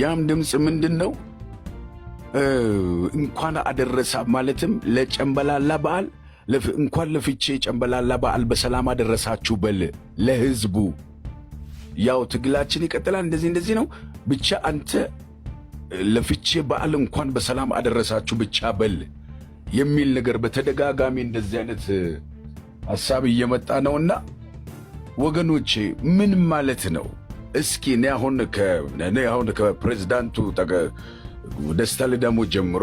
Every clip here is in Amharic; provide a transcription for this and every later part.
ያም ድምፅ ምንድን ነው? እንኳን አደረሰ ማለትም ለጨንበላላ በዓል እንኳን ለፍቼ ጨንበላላ በዓል በሰላም አደረሳችሁ በል ለህዝቡ። ያው ትግላችን ይቀጥላል። እንደዚህ እንደዚህ ነው ብቻ አንተ ለፍቼ በዓል እንኳን በሰላም አደረሳችሁ ብቻ በል የሚል ነገር በተደጋጋሚ እንደዚህ አይነት ሀሳብ እየመጣ ነውና ወገኖቼ ምን ማለት ነው? እስኪ እኔ አሁን እኔ አሁን ከፕሬዚዳንቱ ደስታ ልዳሞ ጀምሮ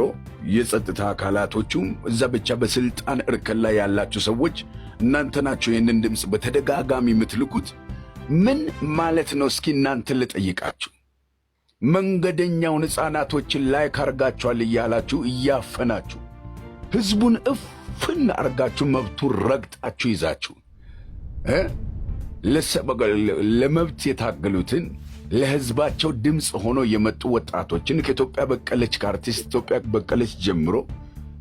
የጸጥታ አካላቶቹም እዛ ብቻ በስልጣን እርከን ላይ ያላችሁ ሰዎች እናንተ ናቸው ይህንን ድምፅ በተደጋጋሚ የምትልኩት። ምን ማለት ነው? እስኪ እናንተ ልጠይቃችሁ። መንገደኛውን ሕፃናቶችን ላይ ካርጋችኋል እያላችሁ እያፈናችሁ ህዝቡን እፍን አርጋችሁ መብቱ ረግጣችሁ ይዛችሁ ለመብት የታገሉትን ለህዝባቸው ድምፅ ሆኖ የመጡ ወጣቶችን ከኢትዮጵያ በቀለች ከአርቲስት ኢትዮጵያ በቀለች ጀምሮ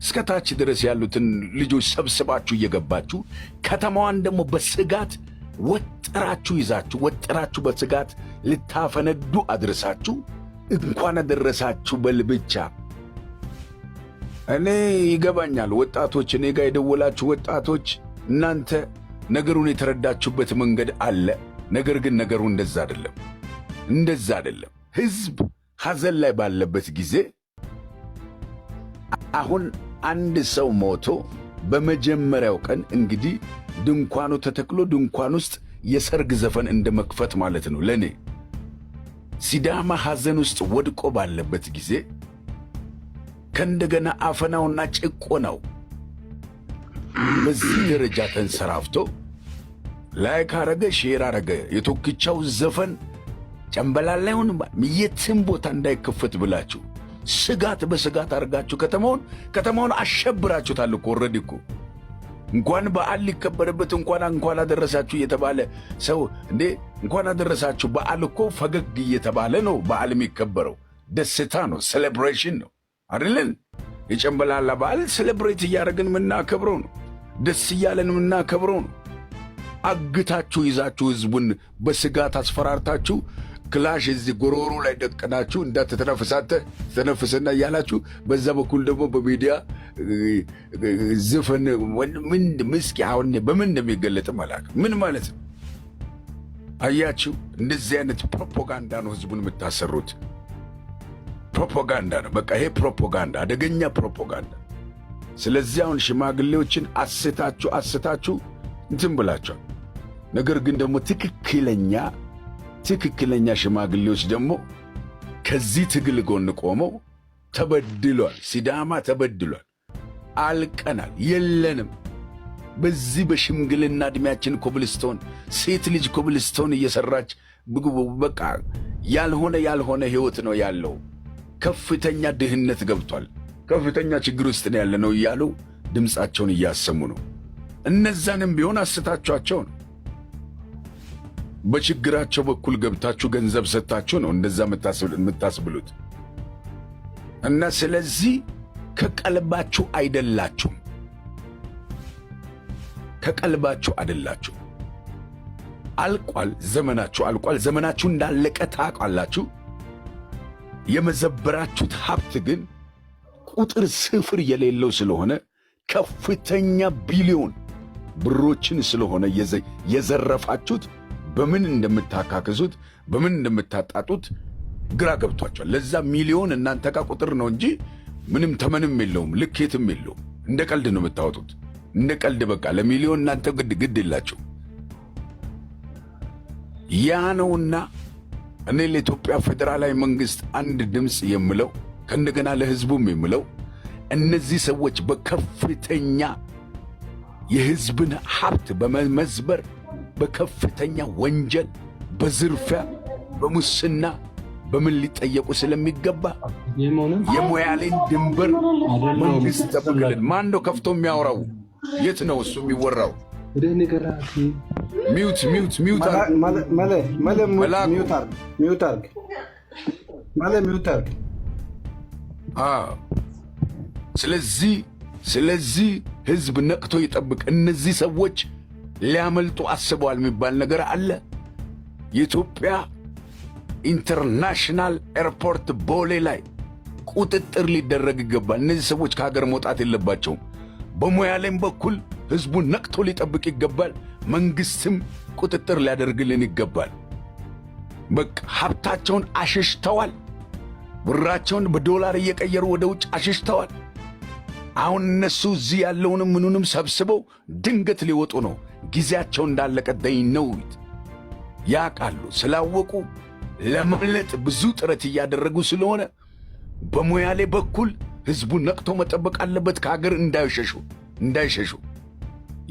እስከ ታች ድረስ ያሉትን ልጆች ሰብስባችሁ እየገባችሁ ከተማዋን ደግሞ በስጋት ወጥራችሁ ይዛችሁ ወጥራችሁ በስጋት ልታፈነዱ አድረሳችሁ። እንኳን አደረሳችሁ በል ብቻ። እኔ ይገባኛል። ወጣቶች እኔ ጋር የደወላችሁ ወጣቶች እናንተ ነገሩን የተረዳችሁበት መንገድ አለ። ነገር ግን ነገሩ እንደዛ አይደለም፣ እንደዛ አይደለም። ህዝብ ሐዘን ላይ ባለበት ጊዜ አሁን አንድ ሰው ሞቶ በመጀመሪያው ቀን እንግዲህ ድንኳኑ ተተክሎ ድንኳን ውስጥ የሰርግ ዘፈን እንደ መክፈት ማለት ነው። ለእኔ ሲዳማ ሐዘን ውስጥ ወድቆ ባለበት ጊዜ ከእንደገና አፈናውና ጭቆናው በዚህ ደረጃ ተንሰራፍቶ ላይ ካረገ ሼር አረገ። የቶክቻው ዘፈን ጨንበላል ላይ ሆን የትም ቦታ እንዳይከፈት ብላችሁ ስጋት በስጋት አድርጋችሁ ከተማውን ከተማውን አሸብራችሁታል እኮ ኦልሬዲ እኮ እንኳን በዓል ሊከበርበት እንኳን እንኳን አደረሳችሁ እየተባለ ሰው እንዴ እንኳን አደረሳችሁ። በዓል እኮ ፈገግ እየተባለ ነው በዓል የሚከበረው። ደስታ ነው፣ ሴሌብሬሽን ነው አይደለን? የጨንበላላ በዓል ሴሌብሬት እያደረግን የምናከብረው ነው። ደስ እያለን የምናከብረው ነው። አግታችሁ ይዛችሁ ህዝቡን በስጋት አስፈራርታችሁ ክላሽ እዚህ ጎሮሮ ላይ ደቅናችሁ እንዳትተነፍሳተ ተነፍስና እያላችሁ በዛ በኩል ደግሞ በሚዲያ ዝፍን ምስኪ አሁን በምን እንደሚገለጥ መላክ ምን ማለት ነው? አያችሁ፣ እንደዚህ አይነት ፕሮፓጋንዳ ነው ህዝቡን የምታሰሩት። ፕሮፓጋንዳ ነው በቃ ይሄ ፕሮፓጋንዳ፣ አደገኛ ፕሮፓጋንዳ ስለዚህ አሁን ሽማግሌዎችን አስታችሁ አስታችሁ እንትን ብላቸዋል። ነገር ግን ደግሞ ትክክለኛ ትክክለኛ ሽማግሌዎች ደግሞ ከዚህ ትግል ጎን ቆመው ተበድሏል፣ ሲዳማ ተበድሏል፣ አልቀናል፣ የለንም በዚህ በሽምግልና እድሜያችን ኮብልስቶን ሴት ልጅ ኮብልስቶን እየሰራች በቃ ያልሆነ ያልሆነ ህይወት ነው ያለው። ከፍተኛ ድህነት ገብቷል። ከፍተኛ ችግር ውስጥ ነው ያለነው እያሉ ድምፃቸውን እያሰሙ ነው። እነዛንም ቢሆን አስታችኋቸው ነው። በችግራቸው በኩል ገብታችሁ ገንዘብ ሰጥታችሁ ነው እንደዛ የምታስብሉት። እና ስለዚህ ከቀልባችሁ አይደላችሁም፣ ከቀልባችሁ አይደላችሁ። አልቋል ዘመናችሁ፣ አልቋል ዘመናችሁ እንዳለቀ ታውቃላችሁ። የመዘበራችሁት ሀብት ግን ቁጥር ስፍር የሌለው ስለሆነ ከፍተኛ ቢሊዮን ብሮችን ስለሆነ የዘረፋችሁት በምን እንደምታካክሱት በምን እንደምታጣጡት ግራ ገብቷቸዋል። ለዛ ሚሊዮን እናንተ ጋር ቁጥር ነው እንጂ ምንም ተመንም የለውም፣ ልኬትም የለውም። እንደ ቀልድ ነው የምታወጡት፣ እንደ ቀልድ በቃ ለሚሊዮን እናንተ ግድ ግድ የላቸው። ያ ነውና እኔ ለኢትዮጵያ ፌዴራላዊ መንግስት አንድ ድምፅ የምለው ከእንደገና ለሕዝቡም የምለው እነዚህ ሰዎች በከፍተኛ የህዝብን ሀብት በመመዝበር በከፍተኛ ወንጀል፣ በዝርፊያ፣ በሙስና በምን ሊጠየቁ ስለሚገባ የሞያሌን ድንበር መንግስት ጠብቅልን። ማን ነው ከፍቶ የሚያወራው? የት ነው እሱ የሚወራው? ሚውት አርግ መለ አርግ ስለዚህ ስለዚህ ህዝብ ነቅቶ ይጠብቅ። እነዚህ ሰዎች ሊያመልጡ አስበዋል የሚባል ነገር አለ። የኢትዮጵያ ኢንተርናሽናል ኤርፖርት ቦሌ ላይ ቁጥጥር ሊደረግ ይገባል። እነዚህ ሰዎች ከሀገር መውጣት የለባቸውም። በሙያ ላይም በኩል ህዝቡን ነቅቶ ሊጠብቅ ይገባል። መንግስትም ቁጥጥር ሊያደርግልን ይገባል። በቃ ሀብታቸውን አሸሽተዋል። ብራቸውን በዶላር እየቀየሩ ወደ ውጭ አሽሽተዋል። አሁን እነሱ እዚህ ያለውንም ምኑንም ሰብስበው ድንገት ሊወጡ ነው። ጊዜያቸው እንዳለቀ ደኝ ነውት ያውቃሉ። ስላወቁ ለማምለጥ ብዙ ጥረት እያደረጉ ስለሆነ በሞያሌ በኩል ሕዝቡ ነቅቶ መጠበቅ አለበት፣ ከሀገር እንዳይሸሹ እንዳይሸሹ።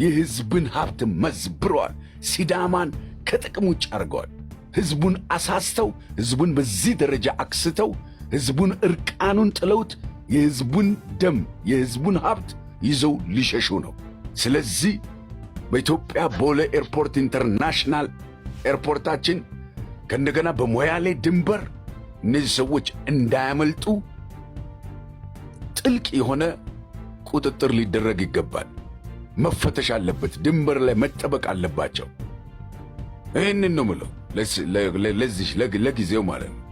የሕዝብን ሀብት መዝብረዋል። ሲዳማን ከጥቅም ውጭ አድርገዋል። ሕዝቡን አሳስተው ሕዝቡን በዚህ ደረጃ አክስተው ሕዝቡን ዕርቃኑን ጥለውት የሕዝቡን ደም የሕዝቡን ሀብት ይዘው ሊሸሹ ነው። ስለዚህ በኢትዮጵያ ቦሌ ኤርፖርት ኢንተርናሽናል ኤርፖርታችን ከእንደገና በሞያሌ ድንበር እነዚህ ሰዎች እንዳያመልጡ ጥልቅ የሆነ ቁጥጥር ሊደረግ ይገባል። መፈተሽ አለበት። ድንበር ላይ መጠበቅ አለባቸው። ይህንን ነው ምለው ለዚህ ለጊዜው ማለት ነው።